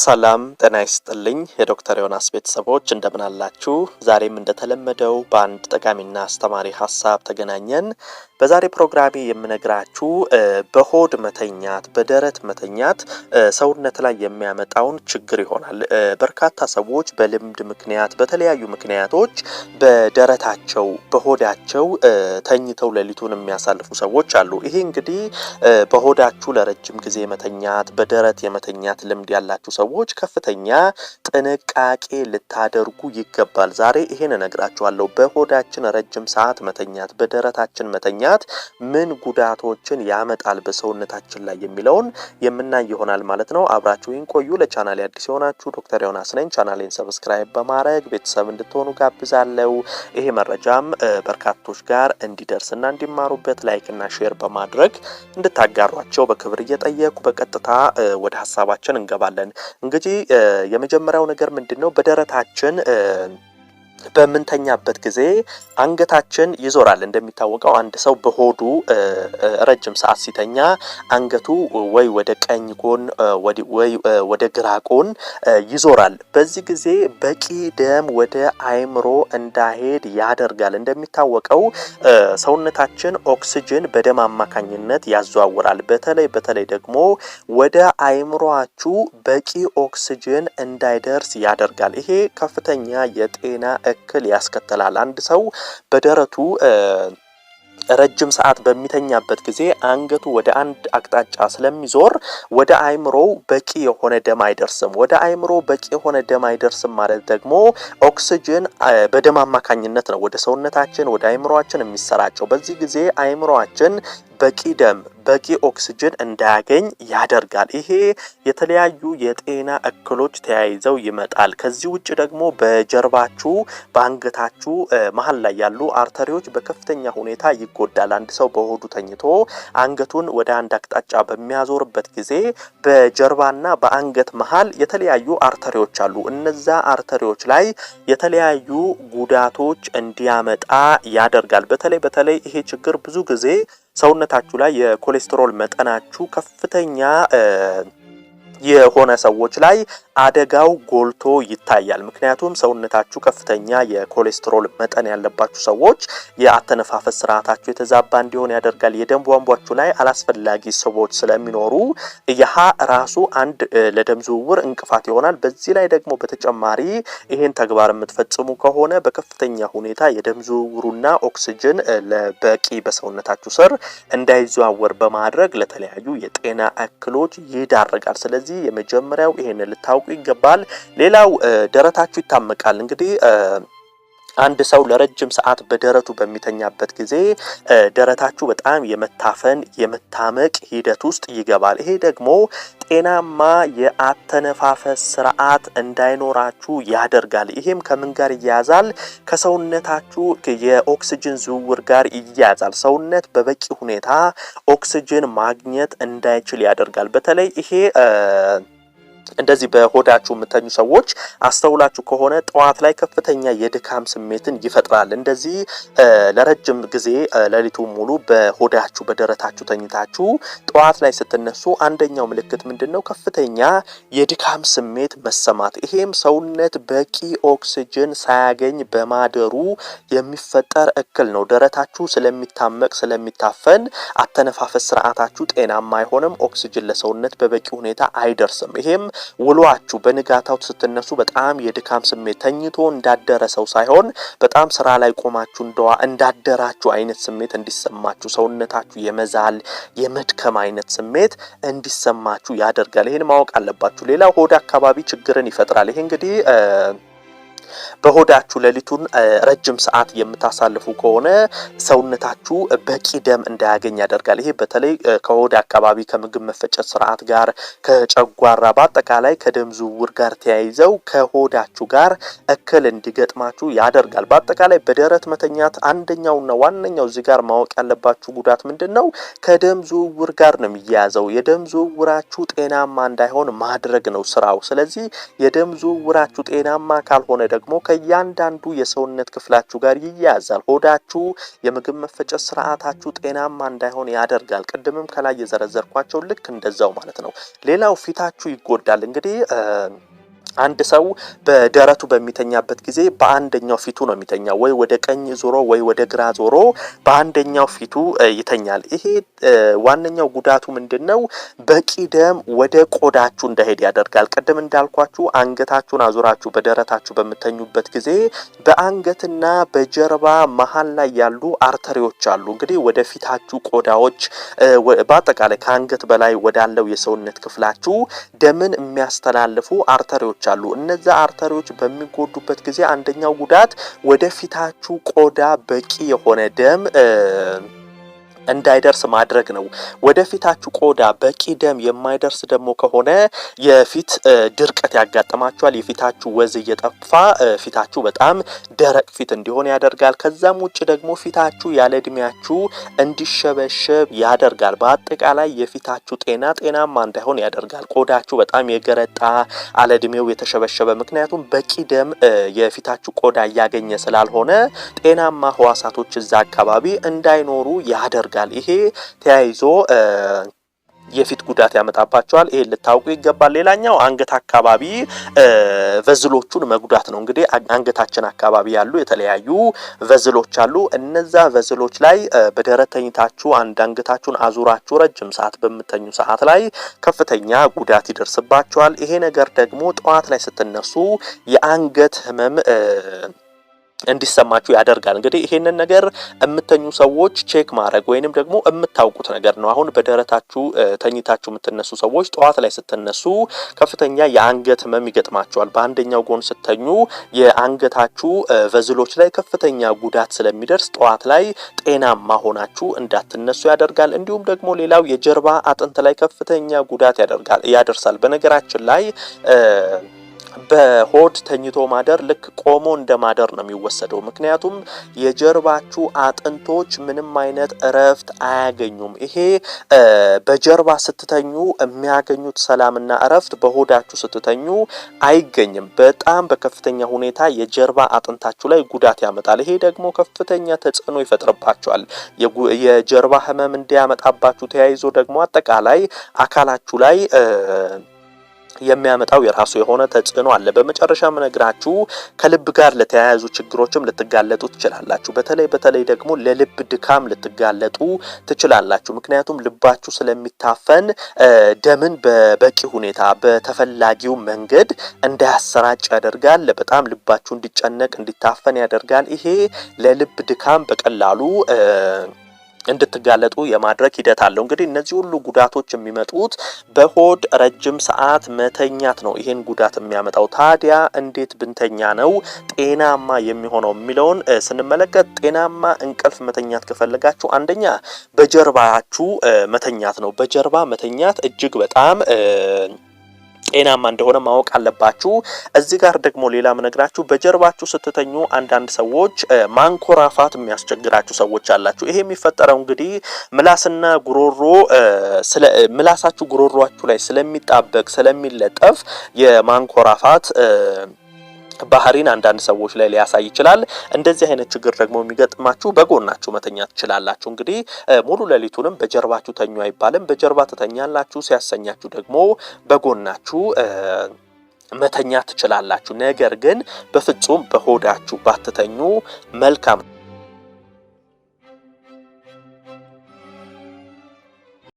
ሰላም ጤና ይስጥልኝ የዶክተር ዮናስ ቤተሰቦች እንደምን አላችሁ? ዛሬም እንደተለመደው በአንድ ጠቃሚና አስተማሪ ሀሳብ ተገናኘን። በዛሬ ፕሮግራሜ የምነግራችሁ በሆድ መተኛት፣ በደረት መተኛት ሰውነት ላይ የሚያመጣውን ችግር ይሆናል። በርካታ ሰዎች በልምድ ምክንያት፣ በተለያዩ ምክንያቶች በደረታቸው በሆዳቸው ተኝተው ሌሊቱን የሚያሳልፉ ሰዎች አሉ። ይሄ እንግዲህ በሆዳችሁ ለረጅም ጊዜ መተኛት፣ በደረት የመተኛት ልምድ ያላችሁ ሰዎች ከፍተኛ ጥንቃቄ ልታደርጉ ይገባል። ዛሬ ይሄን እነግራችኋለሁ። በሆዳችን ረጅም ሰዓት መተኛት፣ በደረታችን መተኛት ምክንያት ምን ጉዳቶችን ያመጣል በሰውነታችን ላይ የሚለውን የምናይ ይሆናል ማለት ነው። አብራችሁን ቆዩ። ለቻናሌ አዲስ የሆናችሁ ዶክተር ዮናስ ነኝ። ቻናሌን ሰብስክራይብ በማድረግ ቤተሰብ እንድትሆኑ ጋብዛለው ይሄ መረጃም በርካቶች ጋር እንዲደርስና እንዲማሩበት ላይክና ሼር በማድረግ እንድታጋሯቸው በክብር እየጠየቁ በቀጥታ ወደ ሀሳባችን እንገባለን። እንግዲህ የመጀመሪያው ነገር ምንድን ነው? በደረታችን በምንተኛበት ጊዜ አንገታችን ይዞራል። እንደሚታወቀው አንድ ሰው በሆዱ ረጅም ሰዓት ሲተኛ አንገቱ ወይ ወደ ቀኝ ጎን ወይ ወደ ግራ ጎን ይዞራል። በዚህ ጊዜ በቂ ደም ወደ አእምሮ እንዳሄድ ያደርጋል። እንደሚታወቀው ሰውነታችን ኦክስጅን በደም አማካኝነት ያዘዋውራል። በተለይ በተለይ ደግሞ ወደ አይምሮአችሁ በቂ ኦክስጅን እንዳይደርስ ያደርጋል። ይሄ ከፍተኛ የጤና እክል ያስከትላል። አንድ ሰው በደረቱ ረጅም ሰዓት በሚተኛበት ጊዜ አንገቱ ወደ አንድ አቅጣጫ ስለሚዞር ወደ አእምሮው በቂ የሆነ ደም አይደርስም። ወደ አእምሮ በቂ የሆነ ደም አይደርስም ማለት ደግሞ ኦክስጅን በደም አማካኝነት ነው ወደ ሰውነታችን ወደ አይምሮችን የሚሰራጨው። በዚህ ጊዜ አእምሮአችን በቂ ደም በቂ ኦክስጅን እንዳያገኝ ያደርጋል። ይሄ የተለያዩ የጤና እክሎች ተያይዘው ይመጣል። ከዚህ ውጭ ደግሞ በጀርባችሁ በአንገታችሁ መሀል ላይ ያሉ አርተሪዎች በከፍተኛ ሁኔታ ይጎዳል። አንድ ሰው በሆዱ ተኝቶ አንገቱን ወደ አንድ አቅጣጫ በሚያዞርበት ጊዜ በጀርባና በአንገት መሀል የተለያዩ አርተሪዎች አሉ። እነዛ አርተሪዎች ላይ የተለያዩ ጉዳቶች እንዲያመጣ ያደርጋል። በተለይ በተለይ ይሄ ችግር ብዙ ጊዜ ሰውነታችሁ ላይ የኮሌስትሮል መጠናችሁ ከፍተኛ የሆነ ሰዎች ላይ አደጋው ጎልቶ ይታያል። ምክንያቱም ሰውነታችሁ ከፍተኛ የኮሌስትሮል መጠን ያለባችሁ ሰዎች የአተነፋፈስ ስርዓታችሁ የተዛባ እንዲሆን ያደርጋል። የደም ቧንቧችሁ ላይ አላስፈላጊ ስቦች ስለሚኖሩ ይህ ራሱ አንድ ለደም ዝውውር እንቅፋት ይሆናል። በዚህ ላይ ደግሞ በተጨማሪ ይሄን ተግባር የምትፈጽሙ ከሆነ በከፍተኛ ሁኔታ የደም ዝውውሩና ኦክስጅን ለበቂ በሰውነታችሁ ስር እንዳይዘዋወር በማድረግ ለተለያዩ የጤና እክሎች ይዳረጋል። ስለዚህ የመጀመሪያው ይሄን ልታውቁ ይገባል። ሌላው ደረታችሁ ይታመቃል። እንግዲህ አንድ ሰው ለረጅም ሰዓት በደረቱ በሚተኛበት ጊዜ ደረታችሁ በጣም የመታፈን የመታመቅ ሂደት ውስጥ ይገባል። ይሄ ደግሞ ጤናማ የአተነፋፈስ ስርዓት እንዳይኖራችሁ ያደርጋል። ይሄም ከምን ጋር ይያያዛል? ከሰውነታችሁ የኦክስጅን ዝውውር ጋር ይያያዛል። ሰውነት በበቂ ሁኔታ ኦክስጅን ማግኘት እንዳይችል ያደርጋል። በተለይ ይሄ እንደዚህ በሆዳችሁ የምተኙ ሰዎች አስተውላችሁ ከሆነ ጠዋት ላይ ከፍተኛ የድካም ስሜትን ይፈጥራል። እንደዚህ ለረጅም ጊዜ ሌሊቱ ሙሉ በሆዳችሁ በደረታችሁ ተኝታችሁ ጠዋት ላይ ስትነሱ አንደኛው ምልክት ምንድን ነው? ከፍተኛ የድካም ስሜት መሰማት። ይሄም ሰውነት በቂ ኦክስጅን ሳያገኝ በማደሩ የሚፈጠር እክል ነው። ደረታችሁ ስለሚታመቅ ስለሚታፈን አተነፋፈስ ስርዓታችሁ ጤናማ አይሆንም። ኦክስጅን ለሰውነት በበቂ ሁኔታ አይደርስም። ይሄም ውሏችሁ በንጋታው ስትነሱ በጣም የድካም ስሜት ተኝቶ እንዳደረ ሰው ሳይሆን በጣም ስራ ላይ ቆማችሁ እንደዋ እንዳደራችሁ አይነት ስሜት እንዲሰማችሁ ሰውነታችሁ የመዛል የመድከም አይነት ስሜት እንዲሰማችሁ ያደርጋል። ይህን ማወቅ አለባችሁ። ሌላ ሆድ አካባቢ ችግርን ይፈጥራል። ይሄ እንግዲህ በሆዳችሁ ሌሊቱን ረጅም ሰዓት የምታሳልፉ ከሆነ ሰውነታችሁ በቂ ደም እንዳያገኝ ያደርጋል። ይሄ በተለይ ከሆድ አካባቢ ከምግብ መፈጨት ስርዓት ጋር ከጨጓራ በአጠቃላይ ከደም ዝውውር ጋር ተያይዘው ከሆዳችሁ ጋር እክል እንዲገጥማችሁ ያደርጋል። በአጠቃላይ በደረት መተኛት አንደኛውና ዋነኛው እዚህ ጋር ማወቅ ያለባችሁ ጉዳት ምንድን ነው? ከደም ዝውውር ጋር ነው የሚያያዘው። የደም ዝውውራችሁ ጤናማ እንዳይሆን ማድረግ ነው ስራው። ስለዚህ የደም ዝውውራችሁ ጤናማ ካልሆነ ደግሞ ደግሞ ከእያንዳንዱ የሰውነት ክፍላችሁ ጋር ይያያዛል። ሆዳችሁ የምግብ መፈጨት ስርዓታችሁ ጤናማ እንዳይሆን ያደርጋል። ቅድምም ከላይ የዘረዘርኳቸው ልክ እንደዛው ማለት ነው። ሌላው ፊታችሁ ይጎዳል እንግዲህ አንድ ሰው በደረቱ በሚተኛበት ጊዜ በአንደኛው ፊቱ ነው የሚተኛው፣ ወይ ወደ ቀኝ ዞሮ ወይ ወደ ግራ ዞሮ በአንደኛው ፊቱ ይተኛል። ይሄ ዋነኛው ጉዳቱ ምንድን ነው? በቂ ደም ወደ ቆዳችሁ እንዳይሄድ ያደርጋል። ቅድም እንዳልኳችሁ አንገታችሁን አዙራችሁ በደረታችሁ በምተኙበት ጊዜ በአንገትና በጀርባ መሀል ላይ ያሉ አርተሪዎች አሉ። እንግዲህ ወደ ፊታችሁ ቆዳዎች፣ በአጠቃላይ ከአንገት በላይ ወዳለው የሰውነት ክፍላችሁ ደምን የሚያስተላልፉ አርተሪዎች አሉ። እነዛ አርተሪዎች በሚጎዱበት ጊዜ አንደኛው ጉዳት ወደፊታችሁ ቆዳ በቂ የሆነ ደም እንዳይደርስ ማድረግ ነው። ወደፊታችሁ ቆዳ በቂ ደም የማይደርስ ደግሞ ከሆነ የፊት ድርቀት ያጋጥማችኋል። የፊታችሁ ወዝ እየጠፋ ፊታችሁ በጣም ደረቅ ፊት እንዲሆን ያደርጋል። ከዛም ውጭ ደግሞ ፊታችሁ ያለ እድሜያችሁ እንዲሸበሸብ ያደርጋል። በአጠቃላይ የፊታችሁ ጤና ጤናማ እንዳይሆን ያደርጋል። ቆዳችሁ በጣም የገረጣ አለ እድሜው የተሸበሸበ ምክንያቱም በቂ ደም የፊታችሁ ቆዳ እያገኘ ስላልሆነ ጤናማ ህዋሳቶች እዛ አካባቢ እንዳይኖሩ ያደርጋል። ያደርጋል። ይሄ ተያይዞ የፊት ጉዳት ያመጣባቸዋል። ይሄ ልታውቁ ይገባል። ሌላኛው አንገት አካባቢ ቨዝሎቹን መጉዳት ነው። እንግዲህ አንገታችን አካባቢ ያሉ የተለያዩ ቨዝሎች አሉ። እነዛ ቨዝሎች ላይ በደረተኝታችሁ አንድ አንገታችሁን አዙራችሁ ረጅም ሰዓት በምተኙ ሰዓት ላይ ከፍተኛ ጉዳት ይደርስባቸዋል። ይሄ ነገር ደግሞ ጠዋት ላይ ስትነሱ የአንገት ህመም እንዲሰማችሁ ያደርጋል። እንግዲህ ይሄንን ነገር የምተኙ ሰዎች ቼክ ማድረግ ወይንም ደግሞ የምታውቁት ነገር ነው። አሁን በደረታችሁ ተኝታችሁ የምትነሱ ሰዎች ጠዋት ላይ ስትነሱ ከፍተኛ የአንገት ህመም ይገጥማቸዋል። በአንደኛው ጎን ስተኙ የአንገታችሁ ቨዝሎች ላይ ከፍተኛ ጉዳት ስለሚደርስ ጠዋት ላይ ጤናማ ሆናችሁ እንዳትነሱ ያደርጋል። እንዲሁም ደግሞ ሌላው የጀርባ አጥንት ላይ ከፍተኛ ጉዳት ያደርጋል ያደርሳል። በነገራችን ላይ በሆድ ተኝቶ ማደር ልክ ቆሞ እንደ ማደር ነው የሚወሰደው። ምክንያቱም የጀርባችሁ አጥንቶች ምንም አይነት እረፍት አያገኙም። ይሄ በጀርባ ስትተኙ የሚያገኙት ሰላምና እረፍት በሆዳችሁ ስትተኙ አይገኝም። በጣም በከፍተኛ ሁኔታ የጀርባ አጥንታችሁ ላይ ጉዳት ያመጣል። ይሄ ደግሞ ከፍተኛ ተጽዕኖ ይፈጥርባቸዋል የጀርባ ህመም እንዲያመጣባችሁ ተያይዞ ደግሞ አጠቃላይ አካላችሁ ላይ የሚያመጣው የራሱ የሆነ ተጽዕኖ አለ። በመጨረሻ ምነግራችሁ ከልብ ጋር ለተያያዙ ችግሮችም ልትጋለጡ ትችላላችሁ። በተለይ በተለይ ደግሞ ለልብ ድካም ልትጋለጡ ትችላላችሁ። ምክንያቱም ልባችሁ ስለሚታፈን ደምን በበቂ ሁኔታ በተፈላጊው መንገድ እንዳያሰራጭ ያደርጋል። በጣም ልባችሁ እንዲጨነቅ እንዲታፈን ያደርጋል። ይሄ ለልብ ድካም በቀላሉ እንድትጋለጡ የማድረግ ሂደት አለው። እንግዲህ እነዚህ ሁሉ ጉዳቶች የሚመጡት በሆድ ረጅም ሰዓት መተኛት ነው ይህን ጉዳት የሚያመጣው። ታዲያ እንዴት ብንተኛ ነው ጤናማ የሚሆነው የሚለውን ስንመለከት ጤናማ እንቅልፍ መተኛት ከፈለጋችሁ አንደኛ በጀርባችሁ መተኛት ነው። በጀርባ መተኛት እጅግ በጣም ጤናማ እንደሆነ ማወቅ አለባችሁ። እዚህ ጋር ደግሞ ሌላ ምነግራችሁ በጀርባችሁ ስትተኙ አንዳንድ ሰዎች ማንኮራፋት የሚያስቸግራችሁ ሰዎች አላችሁ። ይሄ የሚፈጠረው እንግዲህ ምላስና ጉሮሮ ምላሳችሁ ጉሮሯችሁ ላይ ስለሚጣበቅ ስለሚለጠፍ የማንኮራፋት ባህሪን አንዳንድ ሰዎች ላይ ሊያሳይ ይችላል። እንደዚህ አይነት ችግር ደግሞ የሚገጥማችሁ በጎናችሁ መተኛት ትችላላችሁ። እንግዲህ ሙሉ ሌሊቱንም በጀርባችሁ ተኙ አይባልም። በጀርባ ትተኛላችሁ። ሲያሰኛችሁ ደግሞ በጎናችሁ መተኛ ትችላላችሁ። ነገር ግን በፍጹም በሆዳችሁ ባትተኙ መልካም